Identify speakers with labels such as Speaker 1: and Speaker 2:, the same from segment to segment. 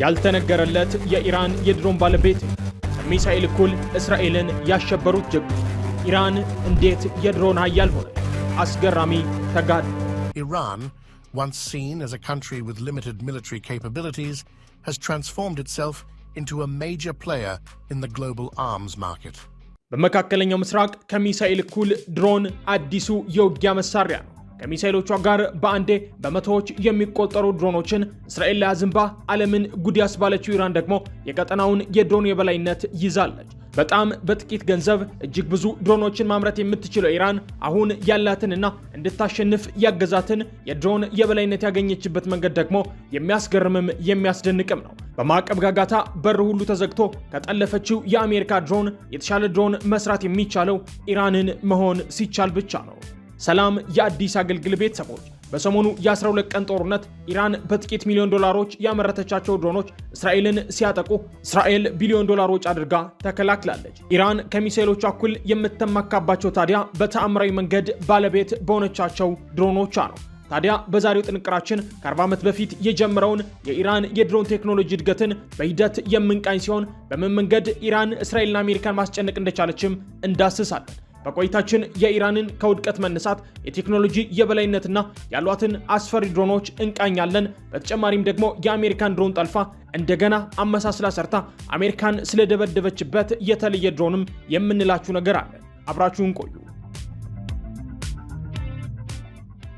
Speaker 1: ያልተነገረለት የኢራን የድሮን ባለቤት ሚሳኤል እኩል እስራኤልን ያሸበሩት ጀግኖ ኢራን እንዴት የድሮን ሀያል ሆነ? አስገራሚ ተጋድ
Speaker 2: ኢራን once seen as a country with limited military capabilities has transformed itself into a major player in the global arms market።
Speaker 1: በመካከለኛው ምስራቅ ከሚሳኤል እኩል ድሮን አዲሱ የውጊያ መሳሪያ ነው። ከሚሳይሎቿ ጋር በአንዴ በመቶዎች የሚቆጠሩ ድሮኖችን እስራኤል ላይ አዝንባ ዓለምን ጉድ ያስባለችው ኢራን ደግሞ የቀጠናውን የድሮን የበላይነት ይዛለች። በጣም በጥቂት ገንዘብ እጅግ ብዙ ድሮኖችን ማምረት የምትችለው ኢራን አሁን ያላትንና እንድታሸንፍ ያገዛትን የድሮን የበላይነት ያገኘችበት መንገድ ደግሞ የሚያስገርምም የሚያስደንቅም ነው። በማዕቀብ ጋጋታ በር ሁሉ ተዘግቶ ከጠለፈችው የአሜሪካ ድሮን የተሻለ ድሮን መስራት የሚቻለው ኢራንን መሆን ሲቻል ብቻ ነው። ሰላም የአዲስ አገልግል ቤተሰቦች፣ በሰሞኑ የ12 ቀን ጦርነት ኢራን በጥቂት ሚሊዮን ዶላሮች ያመረተቻቸው ድሮኖች እስራኤልን ሲያጠቁ እስራኤል ቢሊዮን ዶላሮች አድርጋ ተከላክላለች። ኢራን ከሚሳኤሎቿ እኩል የምትመካባቸው ታዲያ በተአምራዊ መንገድ ባለቤት በሆነቻቸው ድሮኖቿ ነው። ታዲያ በዛሬው ጥንቅራችን ከ40 ዓመት በፊት የጀመረውን የኢራን የድሮን ቴክኖሎጂ እድገትን በሂደት የምንቃኝ ሲሆን በምን መንገድ ኢራን እስራኤልና አሜሪካን ማስጨነቅ እንደቻለችም እንዳስሳለን። በቆይታችን የኢራንን ከውድቀት መነሳት፣ የቴክኖሎጂ የበላይነትና ያሏትን አስፈሪ ድሮኖች እንቃኛለን። በተጨማሪም ደግሞ የአሜሪካን ድሮን ጠልፋ እንደገና አመሳስላ ሰርታ አሜሪካን ስለደበደበችበት የተለየ ድሮንም የምንላችሁ ነገር አለ። አብራችሁን ቆዩ።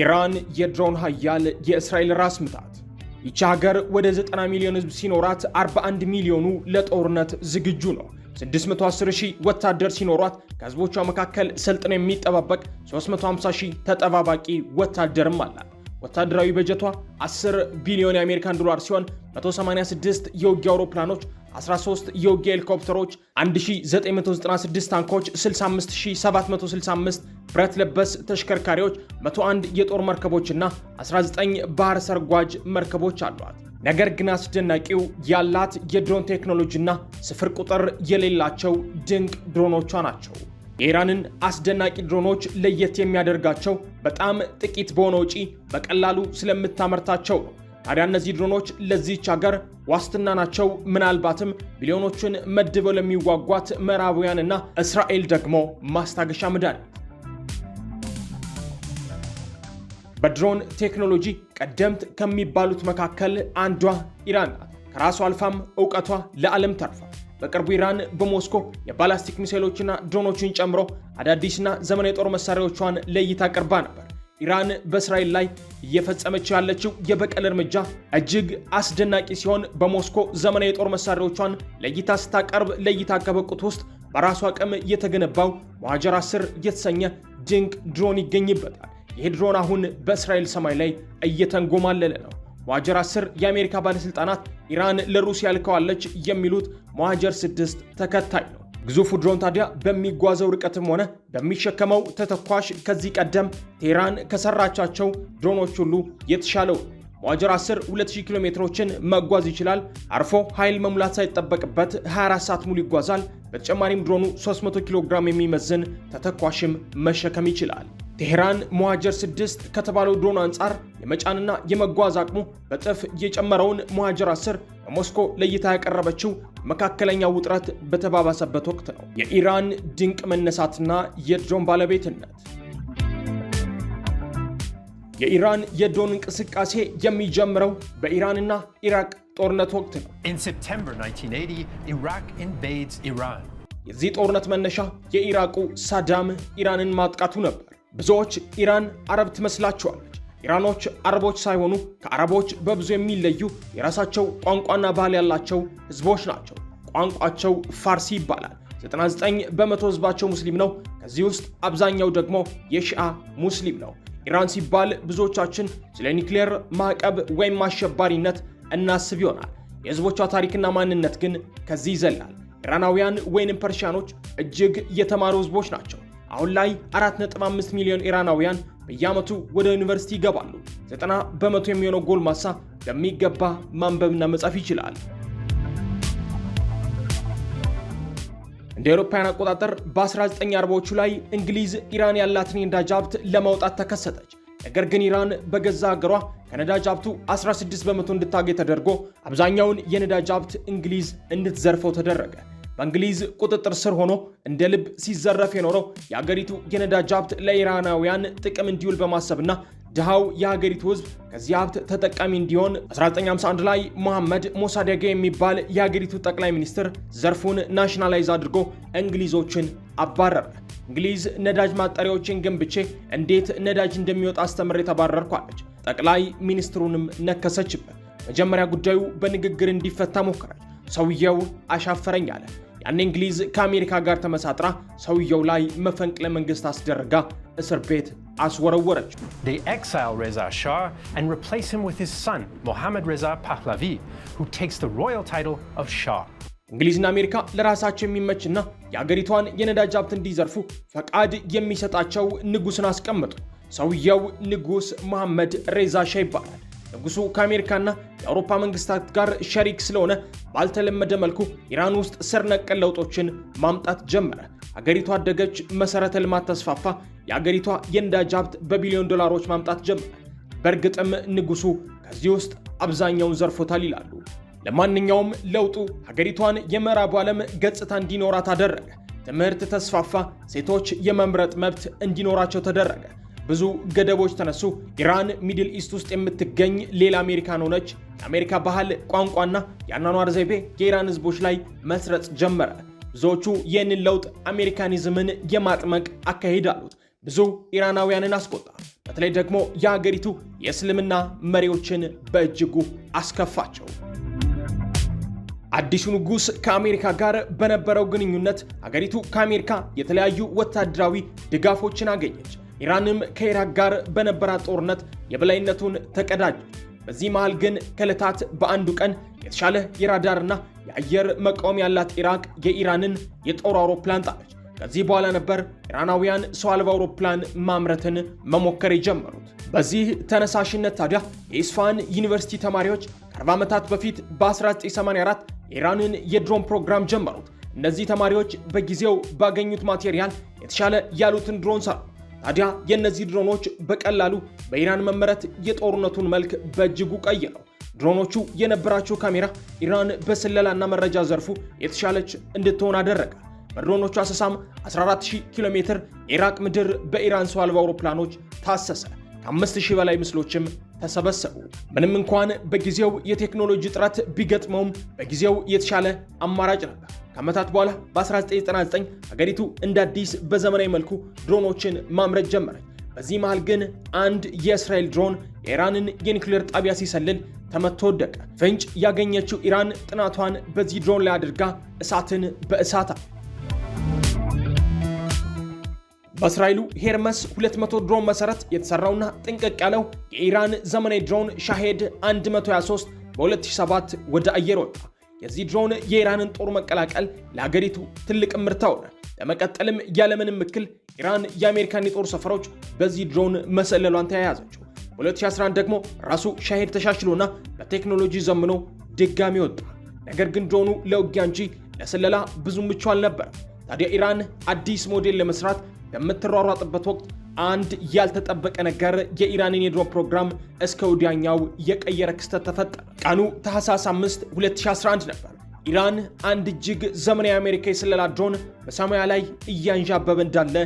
Speaker 1: ኢራን የድሮን ሀያል የእስራኤል ራስ ምታት። ይቺ ሀገር ወደ 90 ሚሊዮን ህዝብ ሲኖራት 41 ሚሊዮኑ ለጦርነት ዝግጁ ነው። 610 ሺህ ወታደር ሲኖሯት ከህዝቦቿ መካከል ሰልጥነው የሚጠባበቅ 350 ሺህ ተጠባባቂ ወታደርም አላት። ወታደራዊ በጀቷ 10 ቢሊዮን የአሜሪካን ዶላር ሲሆን 186 የውጊ አውሮፕላኖች፣ 13 የውጊያ ሄሊኮፕተሮች፣ 1996 ታንኮች፣ 65765 ብረት ለበስ ተሽከርካሪዎች፣ 101 የጦር መርከቦች እና 19 ባህር ሰርጓጅ መርከቦች አሏት። ነገር ግን አስደናቂው ያላት የድሮን ቴክኖሎጂና ስፍር ቁጥር የሌላቸው ድንቅ ድሮኖቿ ናቸው። የኢራንን አስደናቂ ድሮኖች ለየት የሚያደርጋቸው በጣም ጥቂት በሆነ ውጪ በቀላሉ ስለምታመርታቸው ነው። ታዲያ እነዚህ ድሮኖች ለዚህች ሀገር ዋስትና ናቸው። ምናልባትም ቢሊዮኖችን መድበው ለሚዋጓት ምዕራባውያንና እስራኤል ደግሞ ማስታገሻ ምዳን በድሮን ቴክኖሎጂ ቀደምት ከሚባሉት መካከል አንዷ ኢራን ናት። ከራሷ አልፋም እውቀቷ ለዓለም ተርፏል። በቅርቡ ኢራን በሞስኮ የባላስቲክ ሚሳይሎችና ድሮኖችን ጨምሮ አዳዲስና ዘመናዊ የጦር መሳሪያዎቿን ለእይታ ቅርባ ነበር። ኢራን በእስራኤል ላይ እየፈጸመችው ያለችው የበቀል እርምጃ እጅግ አስደናቂ ሲሆን በሞስኮ ዘመናዊ የጦር መሳሪያዎቿን ለእይታ ስታቀርብ ለእይታ ከበቁት ውስጥ በራሱ አቅም የተገነባው መሃጀር አስር የተሰኘ ድንቅ ድሮን ይገኝበታል። የሄድሮን ድሮን አሁን በእስራኤል ሰማይ ላይ እየተንጎማለለ ነው። መዋጀር 10 የአሜሪካ ባለሥልጣናት ኢራን ለሩሲያ ልከዋለች የሚሉት መዋጀር 6 ተከታይ ነው። ግዙፉ ድሮን ታዲያ በሚጓዘው ርቀትም ሆነ በሚሸከመው ተተኳሽ ከዚህ ቀደም ቴህራን ከሰራቻቸው ድሮኖች ሁሉ የተሻለው። መዋጀር 10 2000 ኪሎ ሜትሮችን መጓዝ ይችላል። አርፎ ኃይል መሙላት ሳይጠበቅበት 24 ሰዓት ሙሉ ይጓዛል። በተጨማሪም ድሮኑ 300 ኪሎ ግራም የሚመዝን ተተኳሽም መሸከም ይችላል። ቴሄራን መዋጀር 6 ከተባለው ድሮን አንጻር የመጫንና የመጓዝ አቅሙ በጥፍ የጨመረውን መዋጀር 10 በሞስኮ ለእይታ ያቀረበችው መካከለኛ ውጥረት በተባባሰበት ወቅት ነው። የኢራን ድንቅ መነሳትና የድሮን ባለቤትነት የኢራን የድሮን እንቅስቃሴ የሚጀምረው በኢራንና ኢራቅ ጦርነት ወቅት ነው። የዚህ ጦርነት መነሻ የኢራቁ ሳዳም ኢራንን ማጥቃቱ ነበር። ብዙዎች ኢራን አረብ ትመስላቸዋለች። ኢራኖች አረቦች ሳይሆኑ ከአረቦች በብዙ የሚለዩ የራሳቸው ቋንቋና ባህል ያላቸው ህዝቦች ናቸው። ቋንቋቸው ፋርሲ ይባላል። 99 በመቶ ህዝባቸው ሙስሊም ነው። ከዚህ ውስጥ አብዛኛው ደግሞ የሺአ ሙስሊም ነው። ኢራን ሲባል ብዙዎቻችን ስለ ኒክሌር ማዕቀብ ወይም አሸባሪነት እናስብ ይሆናል። የህዝቦቿ ታሪክና ማንነት ግን ከዚህ ይዘላል። ኢራናውያን ወይንም ፐርሺያኖች እጅግ የተማሩ ህዝቦች ናቸው። አሁን ላይ 4.5 ሚሊዮን ኢራናውያን በየዓመቱ ወደ ዩኒቨርሲቲ ይገባሉ። 90 በመቶ የሚሆነው ጎልማሳ በሚገባ ማንበብና መጻፍ ይችላል። እንደ አውሮፓውያን አቆጣጠር በ1940ዎቹ ላይ እንግሊዝ ኢራን ያላትን የነዳጅ ሀብት ለማውጣት ተከሰተች። ነገር ግን ኢራን በገዛ ሀገሯ ከነዳጅ ሀብቱ 16 በመቶ እንድታገኝ ተደርጎ አብዛኛውን የነዳጅ ሀብት እንግሊዝ እንድትዘርፈው ተደረገ። በእንግሊዝ ቁጥጥር ስር ሆኖ እንደ ልብ ሲዘረፍ የኖረው የአገሪቱ የነዳጅ ሀብት ለኢራናውያን ጥቅም እንዲውል በማሰብና ድሃው የሀገሪቱ ህዝብ ከዚህ ሀብት ተጠቃሚ እንዲሆን 1951 ላይ መሐመድ ሞሳዴጌ የሚባል የሀገሪቱ ጠቅላይ ሚኒስትር ዘርፉን ናሽናላይዝ አድርጎ እንግሊዞችን አባረረ። እንግሊዝ ነዳጅ ማጣሪያዎችን ገንብቼ እንዴት ነዳጅ እንደሚወጣ አስተምር የተባረርኳለች። ጠቅላይ ሚኒስትሩንም ነከሰችበት። መጀመሪያ ጉዳዩ በንግግር እንዲፈታ ሞከረች ሰውየው አሻፈረኝ አለ። ያን እንግሊዝ ከአሜሪካ ጋር ተመሳጥራ ሰውየው ላይ መፈንቅለ መንግስት አስደርጋ እስር ቤት አስወረወረች። እንግሊዝና አሜሪካ ለራሳቸው የሚመችና የአገሪቷን የነዳጅ ሀብት እንዲዘርፉ ፈቃድ የሚሰጣቸው ንጉሥን አስቀምጡ። ሰውየው ንጉሥ መሐመድ ሬዛ ሻ ይባላል። ንጉሱ ከአሜሪካና የአውሮፓ መንግስታት ጋር ሸሪክ ስለሆነ ባልተለመደ መልኩ ኢራን ውስጥ ስር ነቀል ለውጦችን ማምጣት ጀመረ። አገሪቷ አደገች፣ መሰረተ ልማት ተስፋፋ፣ የአገሪቷ የነዳጅ ሀብት በቢሊዮን ዶላሮች ማምጣት ጀመረ። በእርግጥም ንጉሱ ከዚህ ውስጥ አብዛኛውን ዘርፎታል ይላሉ። ለማንኛውም ለውጡ ሀገሪቷን የምዕራቡ ዓለም ገጽታ እንዲኖራት አደረገ። ትምህርት ተስፋፋ፣ ሴቶች የመምረጥ መብት እንዲኖራቸው ተደረገ። ብዙ ገደቦች ተነሱ። ኢራን ሚድል ኢስት ውስጥ የምትገኝ ሌላ አሜሪካን ሆነች። የአሜሪካ ባህል፣ ቋንቋና የአኗኗር ዘይቤ የኢራን ህዝቦች ላይ መስረጽ ጀመረ። ብዙዎቹ ይህንን ለውጥ አሜሪካኒዝምን የማጥመቅ አካሄድ አሉት። ብዙ ኢራናውያንን አስቆጣ። በተለይ ደግሞ የሀገሪቱ የእስልምና መሪዎችን በእጅጉ አስከፋቸው። አዲሱ ንጉሥ ከአሜሪካ ጋር በነበረው ግንኙነት አገሪቱ ከአሜሪካ የተለያዩ ወታደራዊ ድጋፎችን አገኘች። ኢራንም ከኢራቅ ጋር በነበራት ጦርነት የበላይነቱን ተቀዳጅ። በዚህ መሃል ግን ከዕለታት በአንዱ ቀን የተሻለ የራዳርና የአየር መቃወም ያላት ኢራቅ የኢራንን የጦር አውሮፕላን ጣለች። ከዚህ በኋላ ነበር ኢራናውያን ሰው አልባ አውሮፕላን ማምረትን መሞከር የጀመሩት። በዚህ ተነሳሽነት ታዲያ የኢስፋን ዩኒቨርሲቲ ተማሪዎች ከ40 ዓመታት በፊት በ1984 የኢራንን የድሮን ፕሮግራም ጀመሩት። እነዚህ ተማሪዎች በጊዜው ባገኙት ማቴሪያል የተሻለ ያሉትን ድሮን ሰሩ። ታዲያ የእነዚህ ድሮኖች በቀላሉ በኢራን መመረት የጦርነቱን መልክ በእጅጉ ቀየረው። ድሮኖቹ የነበራቸው ካሜራ ኢራን በስለላና መረጃ ዘርፉ የተሻለች እንድትሆን አደረገ። በድሮኖቹ አሰሳም 14000 ኪሎ ሜትር የኢራቅ ምድር በኢራን ሰው አልባ አውሮፕላኖች ታሰሰ። ከ5000 በላይ ምስሎችም ተሰበሰቡ። ምንም እንኳን በጊዜው የቴክኖሎጂ እጥረት ቢገጥመውም በጊዜው የተሻለ አማራጭ ነበር። ከዓመታት በኋላ በ1999 ሀገሪቱ እንደ አዲስ በዘመናዊ መልኩ ድሮኖችን ማምረት ጀመረች። በዚህ መሃል ግን አንድ የእስራኤል ድሮን የኢራንን የኒክሌር ጣቢያ ሲሰልል ተመቶ ወደቀ። ፍንጭ ያገኘችው ኢራን ጥናቷን በዚህ ድሮን ላይ አድርጋ እሳትን በእሳት በእስራኤሉ ሄርመስ 200 ድሮን መሰረት የተሰራውና ጥንቅቅ ያለው የኢራን ዘመናዊ ድሮን ሻሄድ 123 በ2007 ወደ አየር ወጣ። የዚህ ድሮን የኢራንን ጦር መቀላቀል ለሀገሪቱ ትልቅ ምርታ ሆነ። ለመቀጠልም ያለምንም እክል ኢራን የአሜሪካን የጦር ሰፈሮች በዚህ ድሮን መሰለሏን ተያያዘችው። በ2011 ደግሞ ራሱ ሻሄድ ተሻሽሎና በቴክኖሎጂ ዘምኖ ድጋሚ ወጣ። ነገር ግን ድሮኑ ለውጊያ እንጂ ለስለላ ብዙ ምቹ አልነበረም። ታዲያ ኢራን አዲስ ሞዴል ለመስራት በምትሯሯጥበት ወቅት አንድ ያልተጠበቀ ነገር የኢራንን የድሮን ፕሮግራም እስከ ወዲያኛው የቀየረ ክስተት ተፈጠረ። ቀኑ ታህሳስ 5 2011 ነበር። ኢራን አንድ እጅግ ዘመናዊ የአሜሪካ የስለላ ድሮን በሰማያ ላይ እያንዣበበ እንዳለ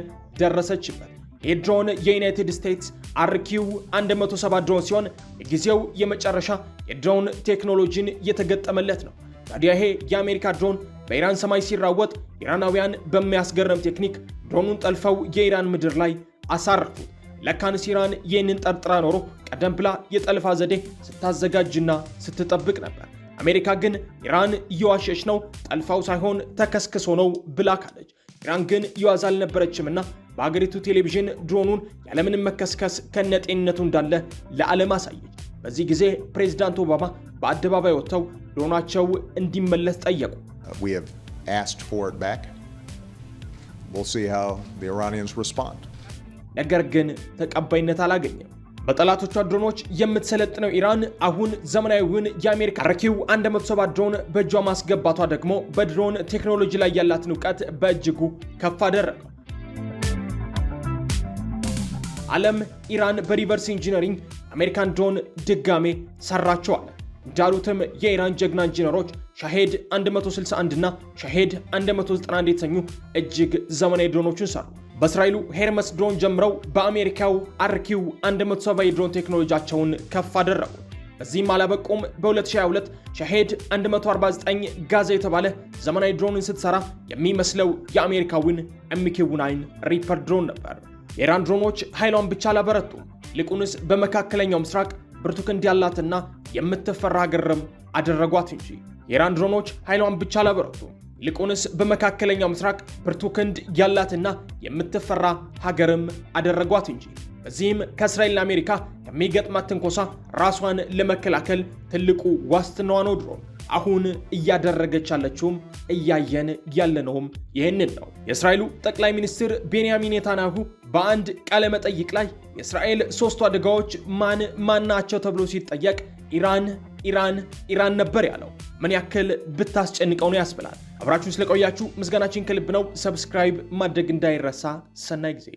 Speaker 1: ደረሰችበት። ይህ ድሮን የዩናይትድ ስቴትስ አርኪው 17 ድሮን ሲሆን የጊዜው የመጨረሻ የድሮን ቴክኖሎጂን የተገጠመለት ነው። ታዲያ ይሄ የአሜሪካ ድሮን በኢራን ሰማይ ሲራወጥ ኢራናውያን በሚያስገርም ቴክኒክ ድሮኑን ጠልፈው የኢራን ምድር ላይ አሳረፉ። ለካንስ ኢራን ይህንን ጠርጥራ ኖሮ ቀደም ብላ የጠልፋ ዘዴ ስታዘጋጅና ስትጠብቅ ነበር። አሜሪካ ግን ኢራን እየዋሸች ነው፣ ጠልፋው ሳይሆን ተከስክሶ ነው ብላ ካለች። ኢራን ግን ይዋዝ አልነበረችምና በሀገሪቱ ቴሌቪዥን ድሮኑን ያለምንም መከስከስ ከነጤንነቱ እንዳለ ለዓለም አሳየች። በዚህ ጊዜ ፕሬዚዳንት ኦባማ በአደባባይ ወጥተው ድሮናቸው እንዲመለስ ጠየቁ።
Speaker 2: ስ uh, have asked
Speaker 1: ነገር ግን ተቀባይነት አላገኘም። በጠላቶቿ ድሮኖች የምትሰለጥነው ኢራን አሁን ዘመናዊውን የአሜሪካ አርኪው 170 ድሮን በእጇ ማስገባቷ ደግሞ በድሮን ቴክኖሎጂ ላይ ያላትን እውቀት በእጅጉ ከፍ አደረገው። ዓለም ኢራን በሪቨርስ ኢንጂነሪንግ አሜሪካን ድሮን ድጋሜ ሰራቸዋል። እንዳሉትም የኢራን ጀግና ኢንጂነሮች ሻሄድ 161 እና ሻሄድ 191 የተሰኙ እጅግ ዘመናዊ ድሮኖችን ሰሩ። በእስራኤሉ ሄርመስ ድሮን ጀምረው በአሜሪካው አርኪው 170 የድሮን ቴክኖሎጂያቸውን ከፍ አደረጉ። በዚህም አላበቁም። በ2022 ሸሄድ 149 ጋዛ የተባለ ዘመናዊ ድሮንን ስትሰራ የሚመስለው የአሜሪካዊን ኤምኪው9 ሪፐር ድሮን ነበር። የኢራን ድሮኖች ኃይሏን ብቻ አላበረቱም፣ ይልቁንስ በመካከለኛው ምስራቅ ብርቱ ክንድ ያላትና የምትፈራ ሀገርም አደረጓት እንጂ። የኢራን ድሮኖች ኃይሏን ብቻ አላበረቱም ይልቁንስ በመካከለኛው ምስራቅ ብርቱ ክንድ ያላትና የምትፈራ ሀገርም አደረጓት እንጂ። በዚህም ከእስራኤልና አሜሪካ ከሚገጥማት ትንኮሳ ራሷን ለመከላከል ትልቁ ዋስትናዋ ነው ድሮን። አሁን እያደረገች ያለችውም እያየን ያለነውም ይህንን ነው። የእስራኤሉ ጠቅላይ ሚኒስትር ቤንያሚን ኔታንያሁ በአንድ ቃለ መጠይቅ ላይ የእስራኤል ሶስቱ አደጋዎች ማን ማናቸው ተብሎ ሲጠየቅ ኢራን ኢራን ኢራን ነበር ያለው። ምን ያክል ብታስጨንቀው ነው ያስብላል። አብራችሁን ስለቆያችሁ ምስጋናችን ከልብ ነው። ሰብስክራይብ ማድረግ እንዳይረሳ። ሰናይ ጊዜ